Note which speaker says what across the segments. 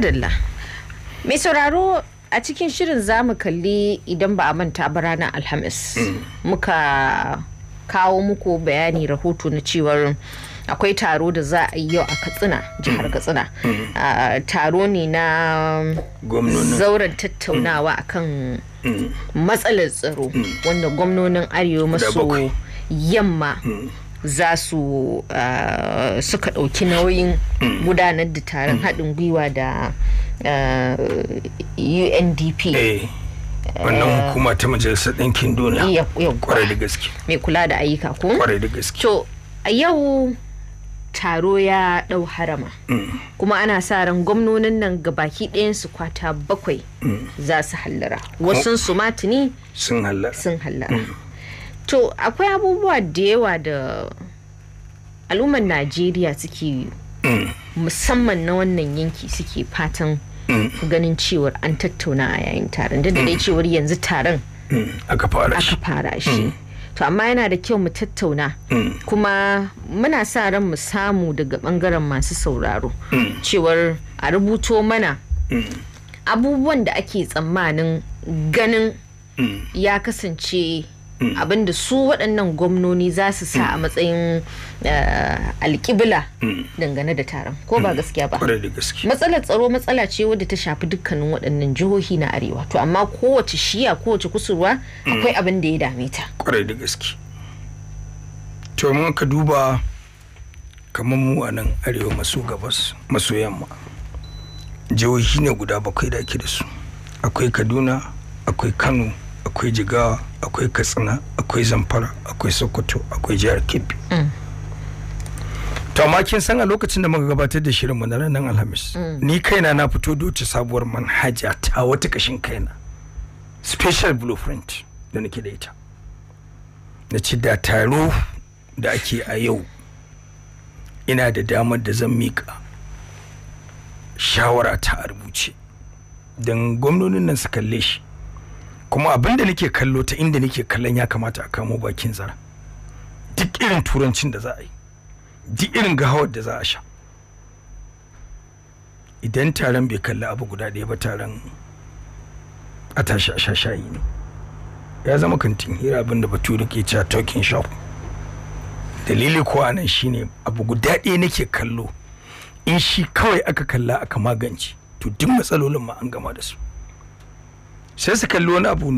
Speaker 1: Adalla. Mai sauraro a cikin shirin za mu kalli idan ba a manta ba ranar Alhamis. Muka kawo muku bayani rahoto na cewar akwai taro da za a yi yau a Katsina, jihar Katsina. Taro ne na zauren tattaunawa akan matsalar tsaro wanda gwamnonin Arewa maso yamma mm. za su uh, suka ɗauki nauyin gudanar da taron mm. haɗin gwiwa da uh, ah, undp eh, wannan eh, hukuma
Speaker 2: ta majalisar ɗinkin duniya kwarai da gaske
Speaker 1: mai kula da ayyuka ko kwarai da gaske to a yau taro ya ɗau harama mm. kuma ana sa ran gwamnonin nan ga baki ɗayan su kwata bakwai mm. za su hallara wasu sumatini. sun hallara to akwai abubuwa da yawa da al'ummar najeriya suke musamman na wannan yanki suke fatan ganin cewar an tattauna a yayin taron da dai cewar yanzu taron
Speaker 2: aka fara shi
Speaker 1: to amma yana da kyau mu tattauna kuma muna sa ran mu samu daga bangaren masu sauraro cewar a rubuto mana abubuwan da ake tsammanin ganin ya kasance Hmm. abinda su waɗannan gwamnoni za su sa a hmm. matsayin eh, alƙibla hmm. dangane da taron ko ba gaskiya ba matsalar tsaro matsala ce wadda ta shafi dukkanin waɗannan jihohi na arewa to amma kowace shiya kowace kusurwa akwai abin da ya dame ta
Speaker 2: kwarai da gaske to mun ka duba kamar mu a nan arewa maso gabas maso yamma jihohi ne guda bakwai da ake da su akwai kaduna akwai kano akwai jigawa akwai katsina akwai zamfara akwai sokoto akwai jihar kebbi mm. to amma kin san a lokacin da muka gabatar da shirin mu na ranar alhamis mm. ni kaina na fito doce sabuwar manhaja ta wata kashin kaina special blueprint da nake da ita na ci da taro da ake a yau ina da damar da zan miƙa shawara ta a rubuce don gwamnonin nan su kalle shi kuma abin da nake kallo ta inda nake kallon ya kamata a kamo bakin zara duk irin turancin da za a yi duk irin gahawar da za a sha idan taron bai kalli abu guda ɗaya ba taron a tashi a sha shayi ne ya zama kantin hira abin da bature ke cewa talking shop dalili kuwa shi shine abu guda ɗaya nake kallo in shi kawai aka kalla aka magance to duk matsalolin ma an gama da su sai su kalli wani abu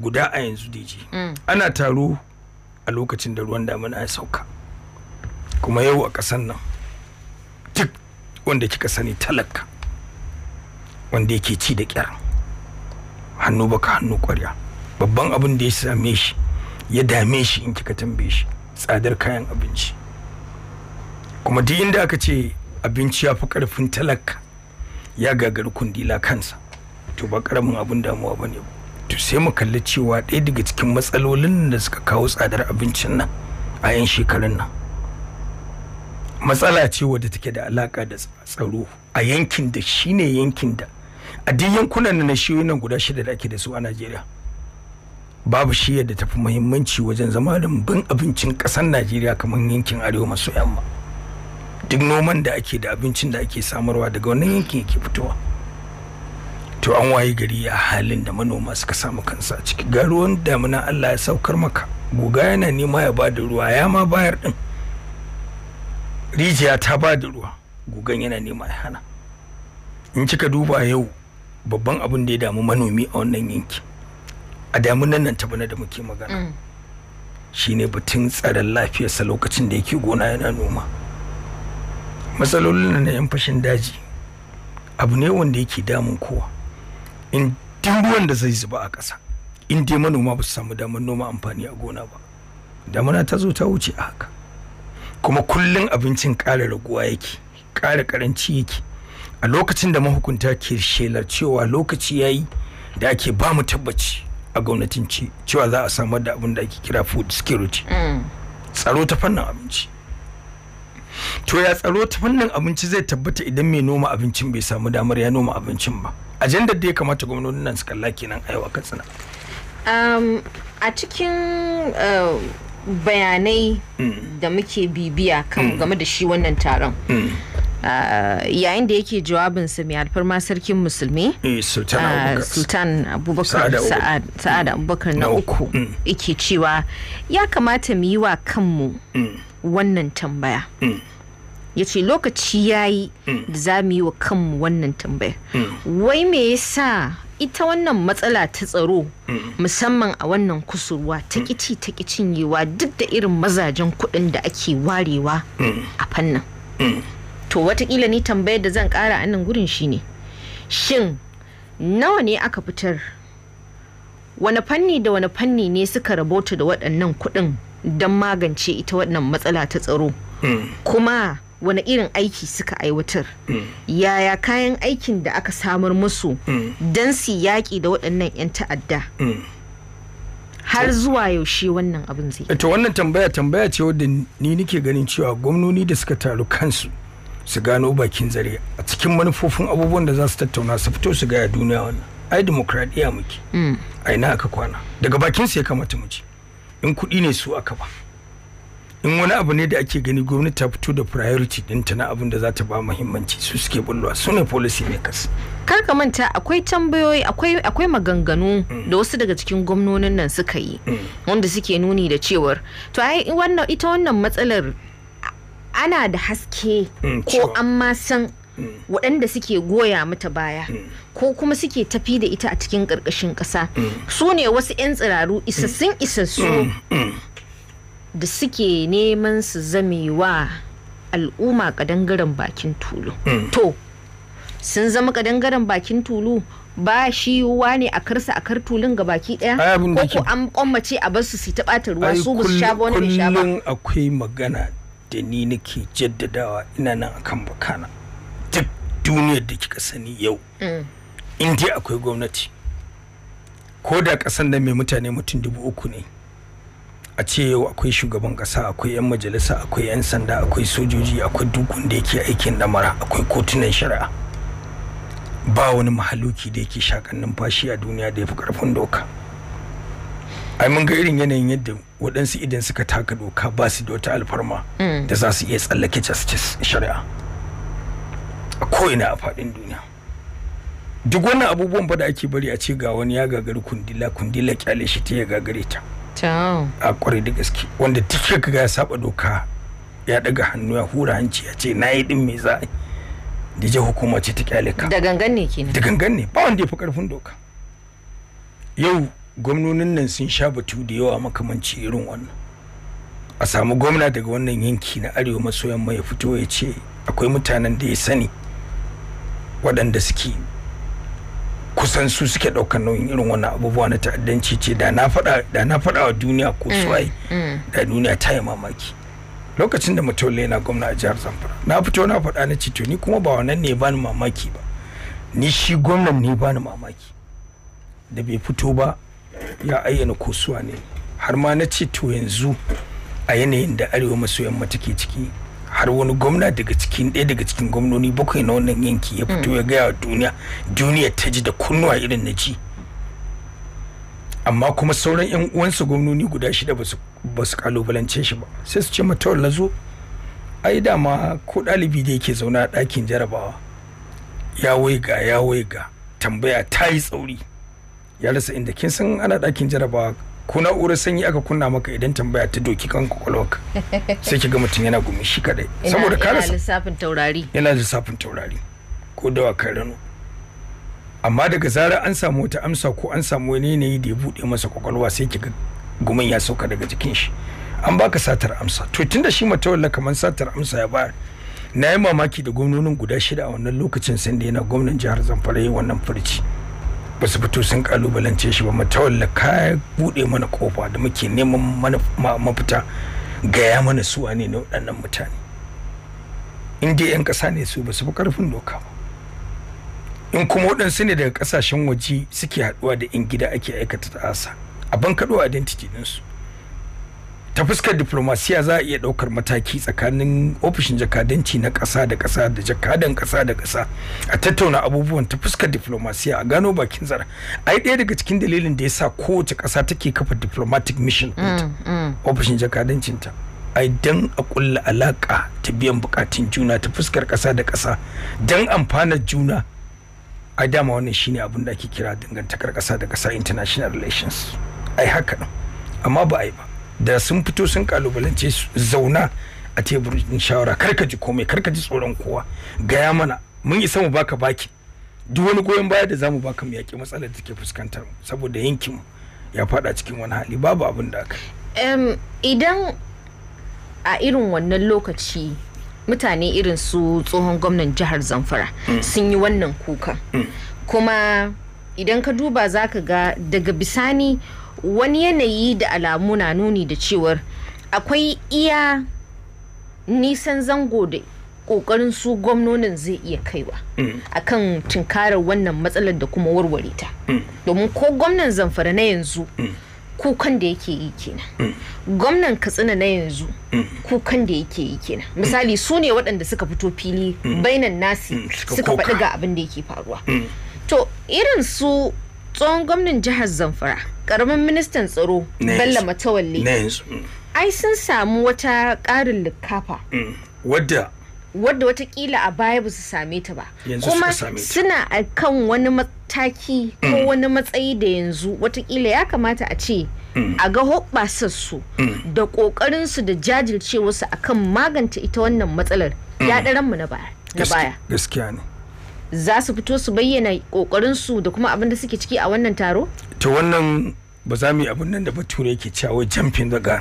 Speaker 2: guda a yanzu DJ mm. ana taro a lokacin da ruwan damina ya sauka kuma yau a ƙasan nan duk wanda kika sani talaka wanda yake ci da kyar hannu baka hannu kwarya babban abin da ya same shi ya dame shi in kika tambaye shi tsadar kayan abinci kuma duk inda aka ce abinci ya fi karfin talaka ya gagari kundila kansa to ba karamin abin damuwa ba ne to sai mu kalli cewa ɗaya daga cikin matsalolin da suka kawo tsadar abincin nan a 'yan shekarun nan matsala ce wadda take da alaka da tsaro a yankin da shine yankin da a duk yankunan na shiyoyi nan guda shida da ake da su a najeriya babu shi yadda fi muhimmanci wajen zama rumbun abincin ƙasar najeriya kamar yankin arewa maso yamma duk noman da ake da abincin da ake samarwa daga wannan yankin yake fitowa to an waye gari a halin da manoma suka samu kansa ciki ga ruwan damina Allah ya saukar maka guga yana nema ya bada ruwa ya ma bayar din rijiya ta bada ruwa gugan yana nema ya hana in kika duba yau babban abin da ya damu manomi a wannan yanki a damunan nan ta bana da muke magana mm. shine batun tsaron lafiyarsa lokacin da yake gona yana noma matsalolin na yan fashin daji abu ne wanda yake damun kowa in duk ruwan da zai zuba a ƙasa in dai manoma ba su samu damar noma amfani a gona ba damana ta zo ta wuce a haka kuma kullum abincin ƙara raguwa yake ƙara ƙaranci yake a lokacin da mahukunta ke shelar cewa lokaci ya yi da ake ba mu tabbaci a gwamnatin cewa za a samar da abin da ake kira food security mm. tsaro ta fannin abinci to ya tsaro ta fannin abinci zai tabbata idan mai noma abincin bai samu damar ya noma abincin ba ajandar da ya kamata gwamnonin nan su kalla kenan aiwa katsina
Speaker 1: um, a cikin uh, bayanai hmm. da muke bibiya hmm. game da shi wannan taron hmm. uh, yayin da yake jawabinsa mai alfarma sarkin musulmi eh, uh, sultan abubakar sa'ad abubakar na uku yake cewa ya kamata mu yi wa kanmu wannan tambaya ya ce lokaci ya yi mm. da za mu yi wa kanmu wannan tambaya mm. wai me yasa ita wannan matsala ta tsaro mm. musamman a wannan kusurwa ta kici ta cinyewa duk da irin mazajen kuɗin da ake warewa a fannin to watakila ni tambayar da zan kara a nan gurin shine shin nawa ne aka fitar wani fanni da wani fanni ne suka rabota da waɗannan kuɗin don magance ita wannan matsala ta tsaro kuma wani irin aiki suka aiwatar yaya kayan aikin da aka samar musu don su yaƙi da waɗannan 'yan ta'adda har zuwa yaushe wannan abin zai to
Speaker 2: wannan tambaya tambaya ce wadda ni nake ganin cewa gwamnoni da suka taru kansu su gano bakin zare a cikin manufofin abubuwan da za su tattauna su fito su gaya duniya wannan ai demokradiyya muke mm. ai na aka kwana daga bakin su ya kamata mu ci in kuɗi ne su aka ba in wani abu ne da ake gani gwamnati ta fito da priority dinta na abin da za ta ba muhimmanci su suke bullowa su ne policy makers
Speaker 1: kar ka manta akwai tambayoyi akwai akwai maganganu mm. da wasu daga cikin gwamnonin nan suka yi mm. wanda suke nuni da cewar to ai wannan ita wannan matsalar ana da haske mm, ko an ma san waɗanda suke goya mata baya ko kuma suke tafi da ita a cikin ƙarƙashin ƙasa su ne wasu 'yan tsiraru isassun isassu da suke neman su zamewa al'umma kadangaren bakin tulu hmm. to sun zama kadangaren bakin tulu ba shi yiwuwa ne a karsa a kar tulun ga baki daya ko an kwammace a basu su ta bata ruwa su bu sha ba wani sha
Speaker 2: akwai magana da ni nake jaddadawa ina nan akan bakana duk duniyar da kika sani yau hmm. in dai akwai gwamnati ko da kasan da mai mutane mutum dubu uku ne a ce yau akwai shugaban kasa akwai 'yan majalisa akwai 'yan sanda akwai sojoji akwai duk wanda yake aikin damara akwai kotunan shari'a ba wani mahaluki da yake shakan numfashi a duniya da ya fi karfin doka ai mun ga irin yanayin yadda waɗansu idan suka taka doka ba su da wata alfarma mm. da za su iya tsallake justice shari'a a ko'ina a faɗin duniya duk wannan abubuwan ba da ake bari a ce ga wani ya gagari kundila kundila kyale shi ta ya gagare ta a kwarai da gaske wanda duk ya saba doka ya daga hannu ya hura hanci ya ce na yi din me za da je hukuma ce ta kyale ka da gangan ne kenan da gangan ne ba wanda ya fi karfin doka yau gwamnonin nan sun sha batu da yawa makamanci irin wannan a samu gwamna daga wannan yanki na arewa maso yamma ya fito ya ce akwai mutanen da ya sani waɗanda suke kusan su suke ɗaukar nauyin irin wannan abubuwa na ta'addanci ce da na faɗa wa duniya ko suwaye mm, mm. da duniya ta yi mamaki lokacin da mutum yana gwamna a jihar zamfara na fito na faɗa na ce ni kuma ba wannan ne bani mamaki ba ni shi gwamnan ne bani mamaki da bai fito ba ya ayyana ko suwa ne har ma na ce to yanzu a yanayin da arewa maso yamma take ciki har wani gwamna daga cikin ɗaya daga cikin gwamnoni bakwai na wannan yanki ya fito ya gaya wa duniya duniya ta ji da kunnuwa irin na ji amma kuma sauran yan uwansa gwamnoni guda shida ba su kalubalance shi ba sai su ce mata lazo ai dama ko ɗalibi da yake zaune a ɗakin jarabawa ya waiga ya waiga tambaya ta yi tsauri ya rasa inda kin san ana ɗakin jarabawa ko na'urar sanyi aka kunna maka idan tambaya ta doki kan kwakwalwarka sai ki ga mutum yana gumi shi kadai saboda ka rasa
Speaker 1: lissafin taurari
Speaker 2: yana lissafin taurari ko dawa kan rano amma daga zarar an samu wata amsa ko an samu wani yanayi da ya buɗe masa kwakwalwa sai ki ga gumin ya sauka daga jikin shi an baka satar amsa to tunda shi matawalla kamar satar amsa ya bayar na yi mamaki da gwamnonin guda shida a wannan lokacin sanda yana gwamnan jihar zamfara yi wannan furci ba su fito sun kalubalance shi ba tawalla ka bude mana kofa da muke neman mafita ga ya mana su ne na waɗannan mutane in dai 'yan ƙasa ne su ba su fi ƙarfin doka ba in kuma waɗansu ne daga ƙasashen waje suke haɗuwa da in gida ake aikata ta'asa a bankaɗo identity ɗinsu ta fuskar diplomasiya za a iya ɗaukar mataki tsakanin ofishin jakadanci na kasa da kasa da jakadan kasa da kasa a tattauna abubuwan ta fuskar diplomasiya a gano bakin zara ai ɗaya daga cikin dalilin da ya sa kowace kasa take kafa diplomatic mission mm, mm. ofishin jakadancin ta ai dan a kulla alaka ta biyan bukatun juna ta fuskar kasa da kasa dan amfanar juna a dama wannan shine abin da ake kira dangantakar kasa da kasa international relations ai haka amma ba ai ba da sun fito sun kalubalance zauna a teburin shawara karka ji komai karka ji tsoron kowa gaya mana mun isa mu baka baki duk wani goyon baya da zamu baka mu yaƙi matsalar da take fuskantar saboda yankin mu ya fada cikin wani hali babu abin da aka
Speaker 1: idan a irin wannan lokaci mutane irin su tsohon gwamnan jihar zamfara mm. sun yi wannan kuka mm. kuma idan ka duba za ka ga daga bisani wani yanayi da alamu na nuni da cewar akwai iya nisan zango da kokarin su gwamnonin zai iya kaiwa mm. akan tunkarar wannan matsalar da kuma warware ta mm. domin ko gwamnan zamfara na yanzu mm. kukan da yake yi kenan gwamnan katsina na yanzu kukan da yake yi kenan misali su ne waɗanda suka fito fili bainan nasi suka faɗi ga abin da yake faruwa to irin su tsohon gwamnan jihar zamfara karamin ministan tsaro bello matawalle mm. ai sun samu wata ƙarin likafa
Speaker 2: mm. wadda
Speaker 1: wadda watakila a baya ba su same ta ba yanzu same kuma suna a kan wani mataki ko mm. wani matsayi da yanzu watakila ya kamata a ce a ga hoɓasarsu da ƙoƙarinsu da jajircewarsu akan magance ita wannan matsalar ya na baya gaskiya ne za su fito su bayyana su da kuma abin da suke ciki a wannan taro?
Speaker 2: to wannan ba za mu yi abin nan da bature yake cewa jumping daga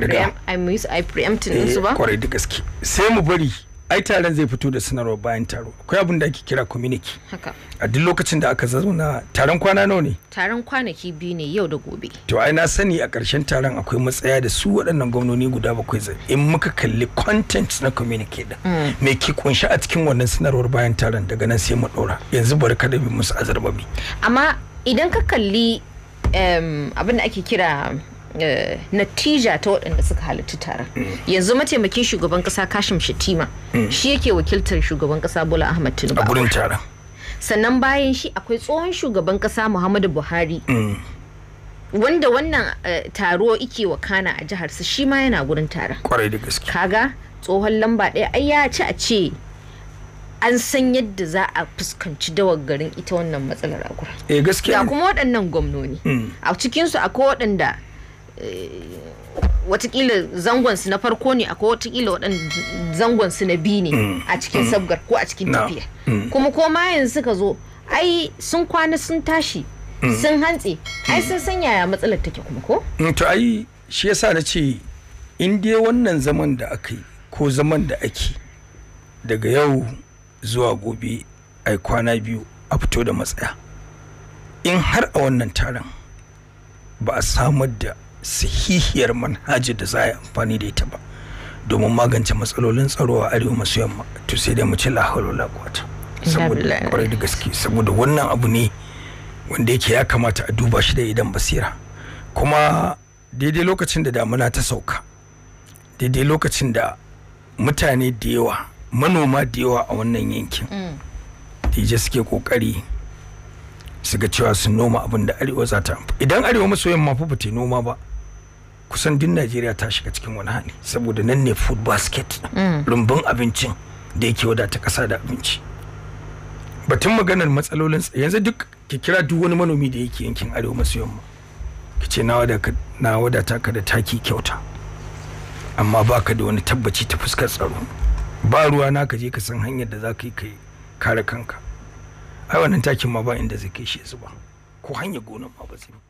Speaker 2: daga
Speaker 1: i miss i preempting su ba kwarai eh,
Speaker 2: da gaske sai mu bari ai taron zai fito da sanarwa bayan taro akwai abin da ake kira community a duk lokacin da aka zauna taron kwana nawa ne
Speaker 1: taron kwanaki biyu ne yau da gobe
Speaker 2: to ai na sani a ƙarshen taron akwai matsaya da su waɗannan gwamnoni guda bakwai zai in muka kalli content na community din mm. me ke kunshi a cikin wannan sanarwar bayan taron daga nan sai mu ɗora yanzu bari kada bi musu azarbabi
Speaker 1: amma idan ka kalli abin da ake kira Eh, natija ta waɗanda suka halittu taron yanzu mataimakin shugaban kasa kashim shatima shi yake wakiltar shugaban kasa bola ahmad tinubu a gurin taron sannan bayan shi akwai tsohon shugaban kasa muhammadu buhari wanda wannan eh, taro ike wa Kana a jihar su shi ma yana gurin taron
Speaker 2: kwarai da gaske
Speaker 1: kaga tsohon lamba ɗaya ai ya ci a ce an san yadda za a fuskanci dawar garin ita wannan matsalar a gurin eh gaskiya kuma waɗannan gwamnoni mm. a cikinsu akwai waɗanda watakila zangonsu na farko ne akwai watakila zangon zangonsu na biyu ne mm. a cikin mm. sabgar ko a cikin tafiya mm. kuma ko ma yanzu ka zo ai sun kwana sun tashi sun hantse ai sun san yaya matsalar take kuma ko
Speaker 2: to ai shi yasa na ce in dai wannan zaman da aka yi ko zaman da ake daga yau zuwa gobe ai kwana biyu a fito da matsaya in har a wannan taron ba a samar da sahihiyar manhaji da za a yi amfani da ita ba domin magance matsalolin tsaro a arewa maso yamma to sai dai mu ci lahalu lakwata
Speaker 1: saboda kwarai
Speaker 2: da gaske saboda wannan abu ne wanda yake ya kamata a duba shi da idan basira kuma daidai lokacin da damuna ta sauka daidai lokacin da mutane da yawa manoma da yawa a wannan yankin mm. da suke kokari su ga cewa sun noma abin da arewa za ta idan arewa maso yamma fa bata noma ba kusan din najeriya ta shiga cikin wani hali saboda nan ne food basket mm. rumbun abincin da yake wadata kasa da abinci batun maganar matsalolin yanzu duk ki kira duk wani manomi da yake yankin arewa maso yamma ki ce na wadata ka da taki kyauta amma baka da wani tabbaci ta fuskar tsaro ba ruwa na ka je ka san hanyar da za ka yi kai kare kanka ai wannan takin ma ba inda zai kai shi zuba ko hanyar gonar ma ba zai